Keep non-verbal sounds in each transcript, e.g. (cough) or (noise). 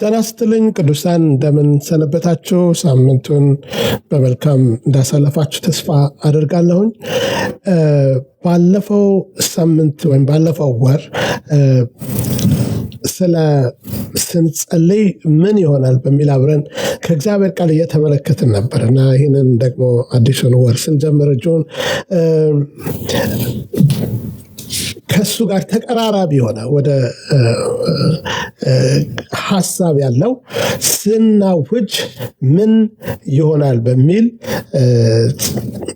ጤና ይስጥልኝ ቅዱሳን እንደምን ሰነበታችሁ? ሳምንቱን በመልካም እንዳሳለፋችሁ ተስፋ አደርጋለሁኝ። ባለፈው ሳምንት ወይም ባለፈው ወር ስለ ስንጸልይ ምን ይሆናል በሚል አብረን ከእግዚአብሔር ቃል እየተመለከትን ነበር እና ይህንን ደግሞ አዲሱን ወር ስንጀምር እጁን ከእሱ ጋር ተቀራራቢ የሆነ ወደ ሀሳብ ያለው ስናውጅ ምን ይሆናል በሚል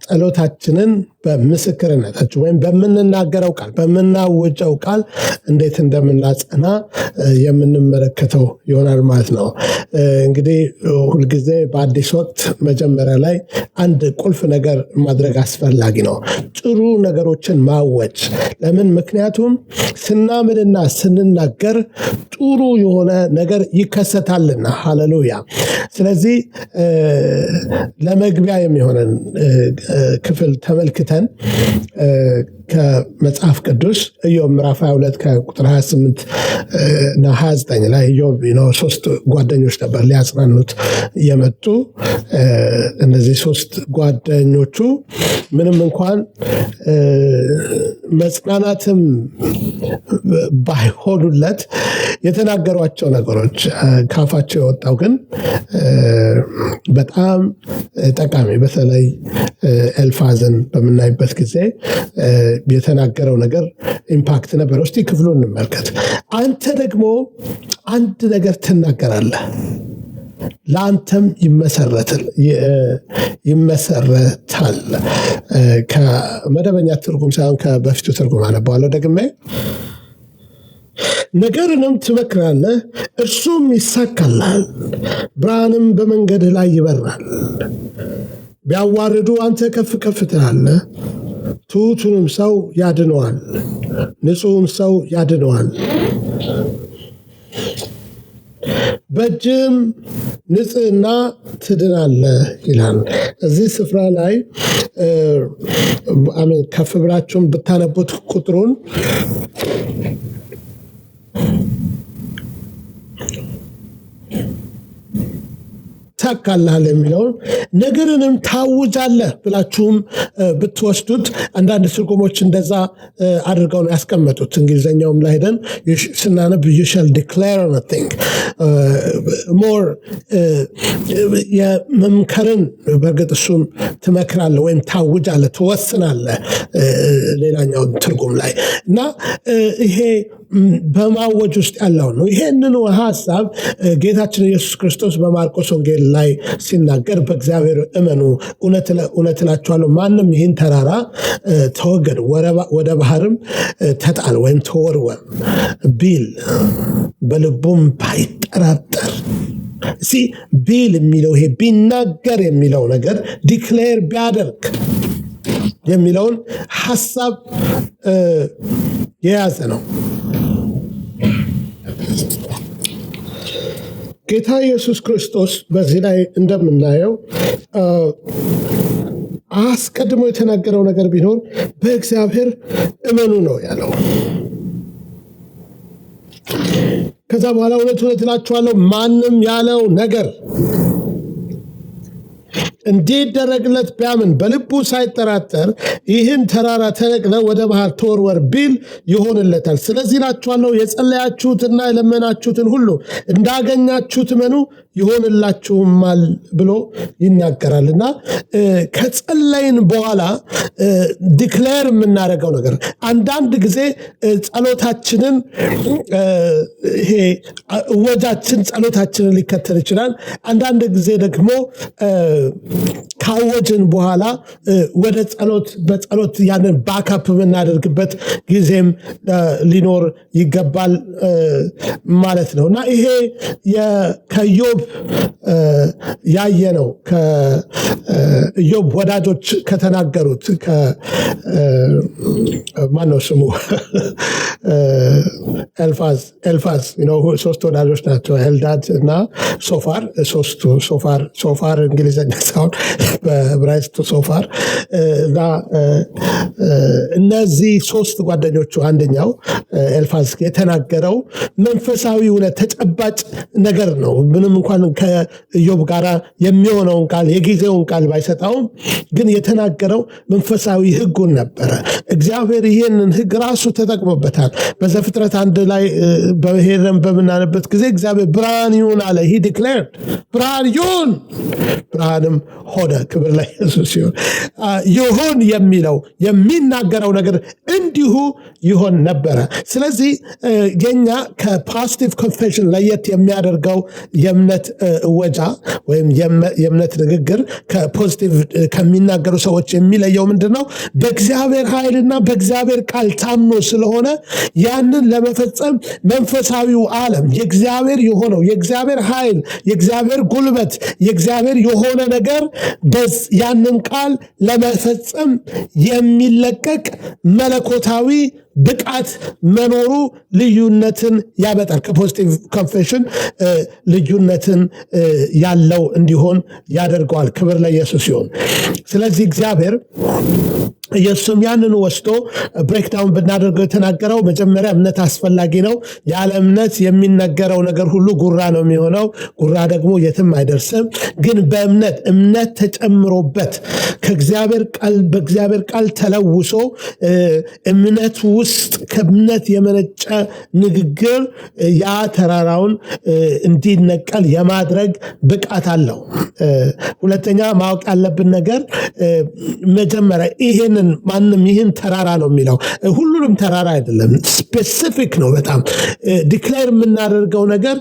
ጸሎታችንን በምስክርነታችን ወይም በምንናገረው ቃል በምናውጨው ቃል እንዴት እንደምናጸና የምንመለከተው ይሆናል ማለት ነው። እንግዲህ ሁልጊዜ በአዲስ ወቅት መጀመሪያ ላይ አንድ ቁልፍ ነገር ማድረግ አስፈላጊ ነው፣ ጥሩ ነገሮችን ማወጭ ለምን? ምክንያቱም ስናምንና ስንናገር ጥሩ የሆነ ነገር ይከሰታልና። ሃሌሉያ። ስለዚህ ለመግቢያ የሚሆነን ክፍል ተመልክተ ሰምተን ከመጽሐፍ ቅዱስ ኢዮብ ምዕራፍ 22 ከቁጥር 28 እና 29 ላይ ኢዮብ ሶስት ጓደኞች ነበር ሊያጽናኑት የመጡ። እነዚህ ሶስት ጓደኞቹ ምንም እንኳን መጽናናትም ባይሆኑለት የተናገሯቸው ነገሮች ካፋቸው የወጣው ግን በጣም ጠቃሚ በተለይ ኤልፋዝን በምናይበት ጊዜ የተናገረው ነገር ኢምፓክት ነበር። እስቲ ክፍሉ እንመልከት። አንተ ደግሞ አንድ ነገር ትናገራለህ፣ ለአንተም ይመሰረታል። ከመደበኛ ትርጉም ሳይሆን ከበፊቱ ትርጉም አነበዋለሁ ደግሜ ነገርንም ትመክራለህ፣ እርሱም ይሳካልሃል፣ ብርሃንም በመንገድህ ላይ ይበራል። ቢያዋርዱ አንተ ከፍ ከፍ ትላለህ፣ ትሑቱንም ሰው ያድነዋል፣ ንጹሕን ሰው ያድነዋል። በእጅም ንጽህና ትድናለ ይላል። እዚህ ስፍራ ላይ አሜን ከፍ ብላችሁም ብታነቡት ቁጥሩን ይሳካልሃል የሚለውን ነገርንም ታውጃለህ ብላችሁም ብትወስዱት አንዳንድ ትርጉሞች እንደዛ አድርገው ነው ያስቀመጡት። እንግሊዝኛውም ላይደን ስናነብ ዩ ሻል ዲክሌር ሞር የመምከርን በእርግጥ እሱም ትመክራለ ወይም ታውጃለ ትወስናለ ሌላኛው ትርጉም ላይ እና ይሄ በማወጅ ውስጥ ያለው ነው። ይሄንኑ ሀሳብ ጌታችን ኢየሱስ ክርስቶስ በማርቆስ ወንጌል ላይ ሲናገር በእግዚአብሔር እመኑ፣ እውነት እላችኋለሁ ማንም ይህን ተራራ ተወገድ፣ ወደ ባህርም ተጣል ወይም ተወርወር ቢል በልቡም ባይጠራጠር ሲ ቢል የሚለው ይሄ ቢናገር የሚለው ነገር ዲክሌር ቢያደርግ የሚለውን ሀሳብ የያዘ ነው። ጌታ ኢየሱስ ክርስቶስ በዚህ ላይ እንደምናየው አስቀድሞ የተናገረው ነገር ቢኖር በእግዚአብሔር እመኑ ነው ያለው። ከዛ በኋላ እውነት እውነት እላችኋለሁ ማንም ያለው ነገር እንዲደረግለት ቢያምን በልቡ ሳይጠራጠር ይህን ተራራ ተነቅለ ወደ ባህር ተወርወር ቢል ይሆንለታል። ስለዚህ እላችኋለሁ የጸለያችሁትና የለመናችሁትን ሁሉ እንዳገኛችሁት መኑ ይሆንላችሁማል ብሎ ይናገራል እና ከጸለይን በኋላ ዲክሌር የምናደርገው ነገር አንዳንድ ጊዜ ጸሎታችንን ይሄ እወጃችን ጸሎታችንን ሊከተል ይችላል። አንዳንድ ጊዜ ደግሞ ካወጅን በኋላ ወደ ጸሎት በጸሎት ያንን ባካፕ የምናደርግበት ጊዜም ሊኖር ይገባል ማለት ነው እና ይሄ ከዮብ ያየ ነው። ከዮብ ወዳጆች ከተናገሩት ማነው ስሙ (laughs) ኤልፋዝ ኤልፋዝ ሶስት ወዳጆች ናቸው። ኤልዳድ እና ሶፋር ሶስቱ ሶፋር ሶፋር እንግሊዝኛ በዕብራይስጥ ሶፋር እና እነዚህ ሶስት ጓደኞቹ አንደኛው ኤልፋዝ የተናገረው መንፈሳዊ እውነት ተጨባጭ ነገር ነው። ምንም እንኳን ከኢዮብ ጋር የሚሆነውን ቃል የጊዜውን ቃል ባይሰጣውም ግን የተናገረው መንፈሳዊ ህጉን ነበረ። እግዚአብሔር ይህንን ህግ ራሱ ተጠቅሞበታል። በዘፍጥረት አንድ ላይ በሄደን በምናነበት ጊዜ እግዚአብሔር ብርሃን ይሁን አለ። ሂ ዲክሌርድ ብርሃን ይሁን፣ ብርሃንም ሆነ። ክብር ላይ ኢየሱስ ይሁን። የሚለው የሚናገረው ነገር እንዲሁ ይሆን ነበረ። ስለዚህ የኛ ከፓስቲቭ ኮንፌሽን ለየት የሚያደርገው የእምነት እወጃ ወይም የእምነት ንግግር ከፖዚቲቭ ከሚናገሩ ሰዎች የሚለየው ምንድን ነው? በእግዚአብሔር ኃይልና በእግዚአብሔር ቃል ታምኖ ስለሆነ ያንን ለመፈጸም መንፈሳዊው ዓለም የእግዚአብሔር የሆነው የእግዚአብሔር ኃይል የእግዚአብሔር ጉልበት የእግዚአብሔር የሆነ ነገር ያንን ቃል ለመፈጸም የሚለቀቅ መለኮታዊ ብቃት መኖሩ ልዩነትን ያመጣል። ከፖዚቲቭ ኮንፌሽን ልዩነትን ያለው እንዲሆን ያደርገዋል። ክብር ለኢየሱስ ይሁን። ስለዚህ እግዚአብሔር ኢየሱስም ያንን ወስዶ ብሬክዳውን ብናደርገው የተናገረው መጀመሪያ እምነት አስፈላጊ ነው። ያለ እምነት የሚነገረው ነገር ሁሉ ጉራ ነው የሚሆነው። ጉራ ደግሞ የትም አይደርስም። ግን በእምነት እምነት ተጨምሮበት ከእግዚአብሔር ቃል በእግዚአብሔር ቃል ተለውሶ እምነት ውስጥ ከእምነት የመነጨ ንግግር ያ ተራራውን እንዲነቀል የማድረግ ብቃት አለው። ሁለተኛ ማወቅ ያለብን ነገር መጀመሪያ ይሄን ይህንን ማንም ይህን ተራራ ነው የሚለው ሁሉንም ተራራ አይደለም፣ ስፔሲፊክ ነው በጣም ዲክላር የምናደርገው ነገር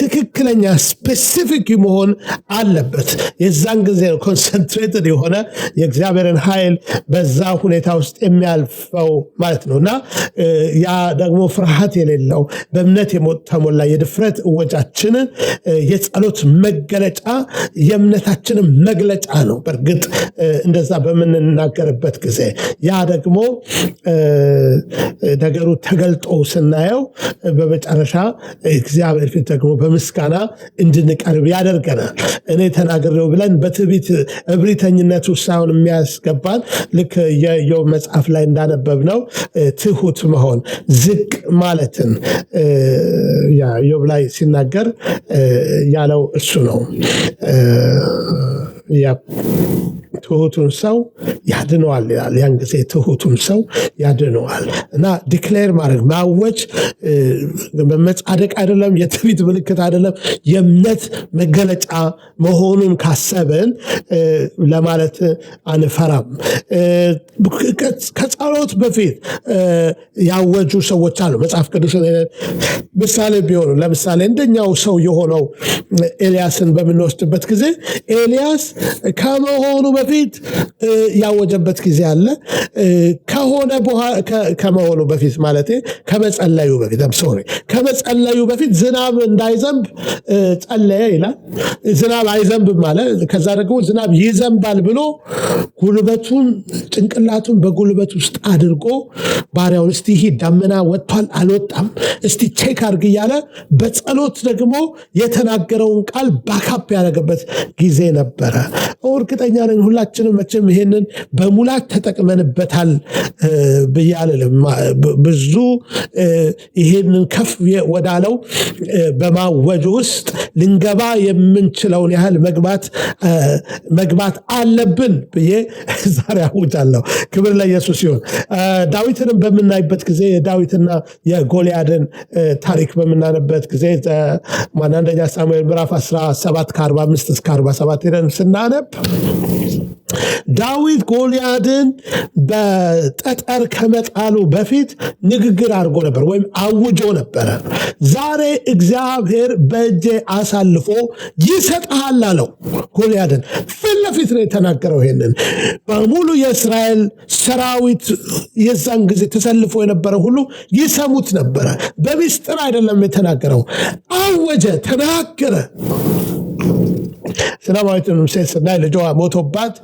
ትክክለኛ ስፔሲፊክ መሆን አለበት። የዛን ጊዜ ኮንሰንትሬትድ የሆነ የእግዚአብሔርን ኃይል በዛ ሁኔታ ውስጥ የሚያልፈው ማለት ነው እና ያ ደግሞ ፍርሃት የሌለው በእምነት ተሞላ የድፍረት እወጃችንን የጸሎት መገለጫ የእምነታችንን መግለጫ ነው። በእርግጥ እንደዛ በምንናገርበት ጊዜ ያ ደግሞ ነገሩ ተገልጦ ስናየው በመጨረሻ እግዚአብሔር ፊት ደግሞ በምስጋና እንድንቀርብ ያደርገናል። እኔ ተናግሬው ብለን በትቢት እብሪተኝነቱ ሳይሆን የሚያስገባን ልክ የዮብ መጽሐፍ ላይ እንዳነበብ ነው ትሁት መሆን ዝቅ ማለትን ዮብ ላይ ሲናገር ያለው እሱ ነው። ትሁቱን ሰው ያድነዋል ይላል። ያን ጊዜ ትሁቱን ሰው ያድነዋል እና ዲክሌር ማድረግ ማወጅ መመጻደቅ አይደለም፣ የትዕቢት ምልክት አይደለም፣ የእምነት መገለጫ መሆኑን ካሰብን ለማለት አንፈራም። ከጸሎት በፊት ያወጁ ሰዎች አሉ። መጽሐፍ ቅዱስ ምሳሌ ቢሆኑ ለምሳሌ እንደኛው ሰው የሆነው ኤልያስን በምንወስድበት ጊዜ ኤልያስ ከመሆኑ በፊት ያወጀበት ጊዜ አለ። ከሆነ ከመሆኑ በፊት ማለት ከመጸለዩ በፊት ሶሪ ከመጸለዩ በፊት ዝናብ እንዳይዘንብ ጸለየ ይላል። ዝናብ አይዘንብም አለ። ከዛ ደግሞ ዝናብ ይዘንባል ብሎ ጉልበቱን ጭንቅላቱን በጉልበት ውስጥ አድርጎ ባሪያውን እስቲ ይሄ ዳመና ወጥቷል አልወጣም እስቲ ቼክ አድርግ እያለ በጸሎት ደግሞ የተናገረውን ቃል ባካፕ ያደረገበት ጊዜ ነበረ። እርግጠኛ ነኝ ሁላችንም መቼም ይሄንን በሙላት ተጠቅመንበታል ብዬ ብዙ ይሄንን ከፍ ወዳለው በማወጅ ውስጥ ልንገባ የምንችለውን ያህል መግባት አለብን ብዬ (laughs) ዛሬ አውጃለሁ። ክብር ለኢየሱስ ሲሆን ዳዊትንም በምናይበት ጊዜ የዳዊትና የጎልያድን ታሪክ በምናንበት ጊዜ አንደኛ ሳሙኤል ምዕራፍ 17 ከ45 እስከ 47 ሄደን ስናነብ ዳዊት ጎልያድን በጠጠር ከመጣሉ በፊት ንግግር አድርጎ ነበር ወይም አውጆ ነበረ። ዛሬ እግዚአብሔር በእጄ አሳልፎ ይሰጥሃል አለው ጎልያድን። ፊት ለፊት ነው የተናገረው። ይሄንን በሙሉ የእስራኤል ሰራዊት የዛን ጊዜ ተሰልፎ የነበረ ሁሉ ይሰሙት ነበረ። በሚስጥር አይደለም የተናገረው፣ አወጀ፣ ተናገረ። ሰላማዊት ሴት ስናይ ልጇ ሞቶባት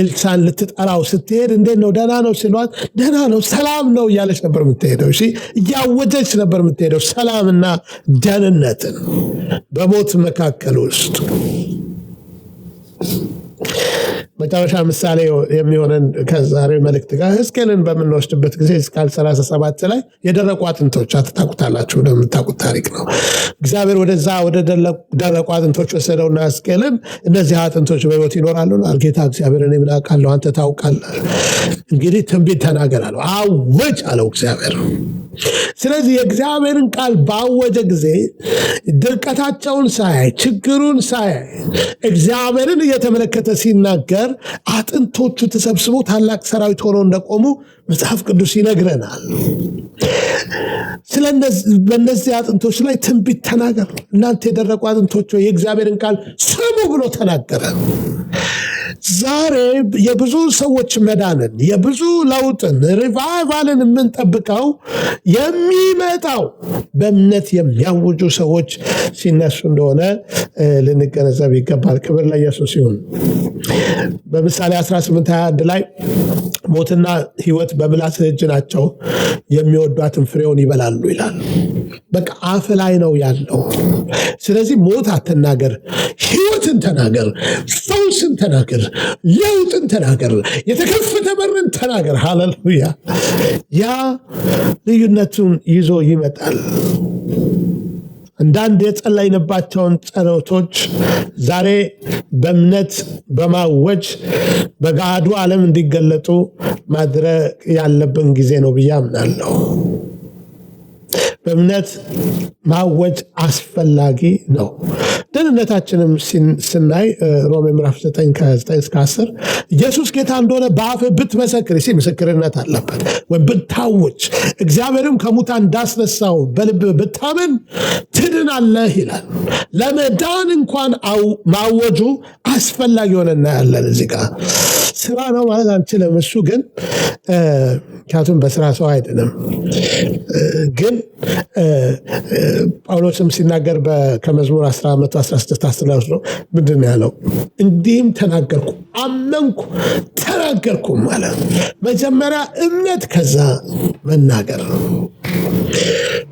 ኤልሳን ልትጠራው ስትሄድ እንዴት ነው ደህና ነው ሲሏት፣ ደህና ነው ሰላም ነው እያለች ነበር የምትሄደው። እሺ እያወጀች ነበር የምትሄደው ሰላምና ደህንነትን በሞት መካከል ውስጥ መጨረሻ ምሳሌ የሚሆነን ከዛሬ መልእክት ጋር ሕዝቅኤልን በምንወስድበት ጊዜ ሕዝቅኤል 37 ላይ የደረቁ አጥንቶች አትታቁታላችሁ እንደምታቁት ታሪክ ነው። እግዚአብሔር ወደዛ ወደ ደረቁ አጥንቶች ወሰደውና ሕዝቅኤልን እነዚህ አጥንቶች በህይወት ይኖራሉ? አልጌታ እግዚአብሔር እኔ ምን አውቃለሁ አንተ ታውቃለህ። እንግዲህ ትንቢት ተናገር አለው። አውጅ አለው እግዚአብሔር ስለዚህ የእግዚአብሔርን ቃል ባወጀ ጊዜ ድርቀታቸውን ሳያይ ችግሩን ሳያይ እግዚአብሔርን እየተመለከተ ሲናገር አጥንቶቹ ተሰብስቦ ታላቅ ሰራዊት ሆነው እንደቆሙ መጽሐፍ ቅዱስ ይነግረናል። በእነዚህ አጥንቶች ላይ ትንቢት ተናገር። እናንተ የደረቁ አጥንቶች የእግዚአብሔርን ቃል ስሙ ብሎ ተናገረ። ዛሬ የብዙ ሰዎች መዳንን የብዙ ለውጥን ሪቫይቫልን የምንጠብቀው የሚመጣው በእምነት የሚያውጁ ሰዎች ሲነሱ እንደሆነ ልንገነዘብ ይገባል። ክብር ለኢየሱስ ይሁን። በምሳሌ 18 21 ላይ ሞትና ሕይወት በምላስ እጅ ናቸው፣ የሚወዷትን ፍሬውን ይበላሉ ይላል። በቃ አፍ ላይ ነው ያለው። ስለዚህ ሞት አትናገር፣ ህይወትን ተናገር፣ ፈውስን ተናገር፣ ለውጥን ተናገር፣ የተከፈተ በርን ተናገር። ሃሌሉያ! ያ ልዩነቱን ይዞ ይመጣል። አንዳንድ የጸለይንባቸውን ጸሎቶች ዛሬ በእምነት በማወጅ በጋዱ ዓለም እንዲገለጡ ማድረግ ያለብን ጊዜ ነው ብዬ አምናለሁ። በእምነት ማወጅ አስፈላጊ ነው። ደህንነታችንም ስናይ ሮሜ ምዕራፍ 9 ከ9 እስከ 10 ኢየሱስ ጌታ እንደሆነ በአፍ ብትመሰክር ሲ ምስክርነት አለበት ወይም ብታወጅ፣ እግዚአብሔርም ከሙታ እንዳስነሳው በልብ ብታምን ትድናለህ ይላል። ለመዳን እንኳን ማወጁ አስፈላጊ ሆነ እናያለን እዚህ ጋር ስራ ነው ማለት አንችልም። እሱ ግን ምክንያቱም በስራ ሰው አይደለም። ግን ጳውሎስም ሲናገር ከመዝሙር 116 አስተላልፍ ነው ምንድን ነው ያለው? እንዲህም ተናገርኩ፣ አመንኩ፣ ተናገርኩ ማለት መጀመሪያ እምነት ከዛ መናገር ነው።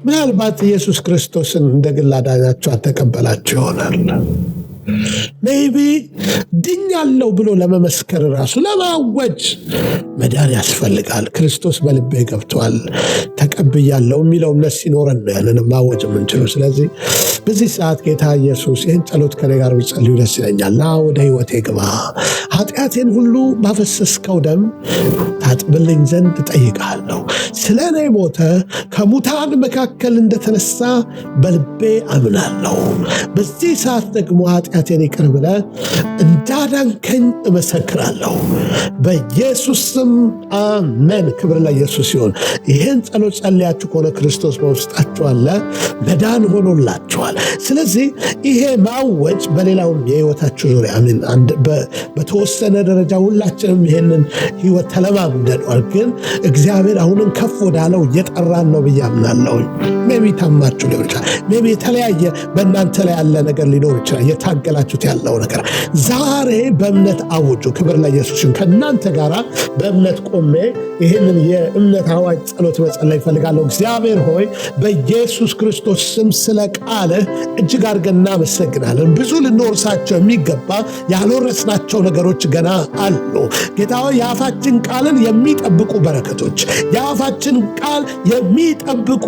ምናልባት ኢየሱስ ክርስቶስን እንደ ግል አልተቀበላቸው ይሆናል። ሜቢ ድኛለው ብሎ ለመመስከር ራሱ ለማወጅ መዳን ያስፈልጋል። ክርስቶስ በልቤ ገብቷል ተቀብያለው የሚለው እምነት ሲኖረን ነው ያንን ማወጅ የምንችሉ። ስለዚህ በዚህ ሰዓት ጌታ ኢየሱስ ይህን ጸሎት ከኔ ጋር ብጸልዩ ደስ ይለኛል። ና ወደ ህይወቴ ግባ፣ ኃጢአቴን ሁሉ ባፈሰስከው ደም ታጥብልኝ ዘንድ ጠይቃለሁ። ስለ እኔ ሞተ፣ ከሙታን መካከል እንደተነሳ በልቤ አምናለሁ። በዚህ ሰዓት ደግሞ ኃጢአት ኃጢአቴን ይቅር ብለ እንዳዳንከኝ እመሰክራለሁ። በኢየሱስም አሜን። ክብር ለኢየሱስ ሲሆን ይህን ጸሎት ጸልያችሁ ከሆነ ክርስቶስ በውስጣችሁ አለ፣ መዳን ሆኖላችኋል። ስለዚህ ይሄ ማወጭ በሌላውም የህይወታችሁ ዙሪያ በተወሰነ ደረጃ ሁላችንም ይህንን ህይወት ተለማምደነዋል። ግን እግዚአብሔር አሁንም ከፍ ወዳለው እየጠራን ነው ብዬ አምናለሁ። ሜቢ ታማችሁ ሊሆን ይችላል። ሜቢ የተለያየ በእናንተ ላይ ያለ ነገር ሊኖር ይችላል እየታገላችሁት ያለው ነገር ዛሬ በእምነት አውጁ። ክብር ለኢየሱስን። ከእናንተ ጋር በእምነት ቆሜ ይህንን የእምነት አዋጅ ጸሎት መጸለይ ይፈልጋለሁ። እግዚአብሔር ሆይ በኢየሱስ ክርስቶስ ስም ስለ ቃልህ እጅግ አድርገን እናመሰግናለን። ብዙ ልንወርሳቸው የሚገባ ያልወረስናቸው ነገሮች ገና አሉ። ጌታ ሆይ የአፋችን ቃልን የሚጠብቁ በረከቶች፣ የአፋችን ቃል የሚጠብቁ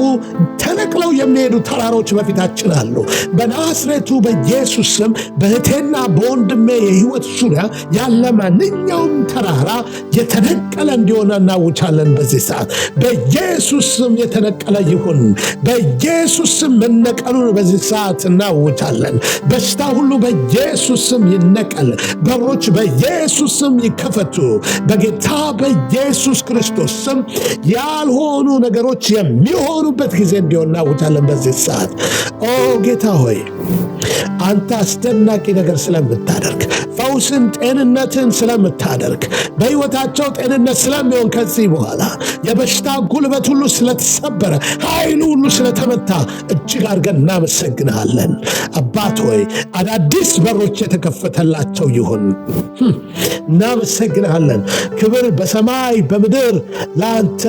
ተነቅለው የሚሄዱ ተራሮች በፊታችን አሉ። በናስሬቱ በኢየሱስ ስም በእህቴና በወንድሜ የህይወት ዙሪያ ያለ ማንኛውም ተራራ የተነቀለ እንዲሆነ እናውቻለን። በዚህ ሰዓት በኢየሱስም የተነቀለ ይሁን። በኢየሱስም ስም መነቀሉን በዚህ ሰዓት እናውቻለን። በሽታ ሁሉ በኢየሱስም ይነቀል። በሮች በኢየሱስም ይከፈቱ። በጌታ በኢየሱስ ክርስቶስ ስም ያልሆኑ ነገሮች የሚሆኑበት ጊዜ እንዲሆን እናውቻለን። በዚህ ሰዓት ኦ ጌታ ሆይ አንተ አስደናቂ ነገር ስለምታደርግ ፈውስን፣ ጤንነትን ስለምታደርግ በሕይወታቸው ጤንነት ስለሚሆን ከዚህ በኋላ የበሽታ ጉልበት ሁሉ ስለተሰበረ፣ ኃይሉ ሁሉ ስለተመታ እጅግ አድርገን እናመሰግንሃለን። አባት ሆይ አዳዲስ በሮች የተከፈተላቸው ይሁን። እናመሰግንሃለን። ክብር በሰማይ በምድር ለአንተ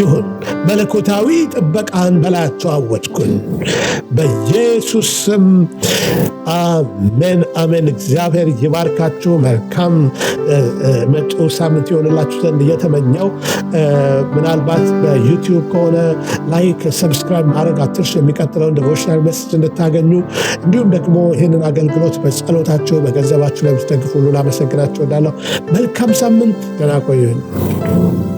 ይሁን። መለኮታዊ ጥበቃን በላያቸው አወጅኩን። በኢየሱስ ስም አሜን፣ አሜን። እግዚአብሔር ባርካችሁ መልካም መጪው ሳምንት የሆንላችሁ ዘንድ እየተመኘው ምናልባት በዩቲዩብ ከሆነ ላይክ፣ ሰብስክራይብ ማድረግ አትርሱ። የሚቀጥለውን ዲቮሽናል መስጅ እንድታገኙ እንዲሁም ደግሞ ይህንን አገልግሎት በጸሎታችሁ በገንዘባችሁ ላይ የምትደግፉ ሁሉ ላመሰግናችሁ እወዳለሁ። መልካም ሳምንት፣ ደህና you.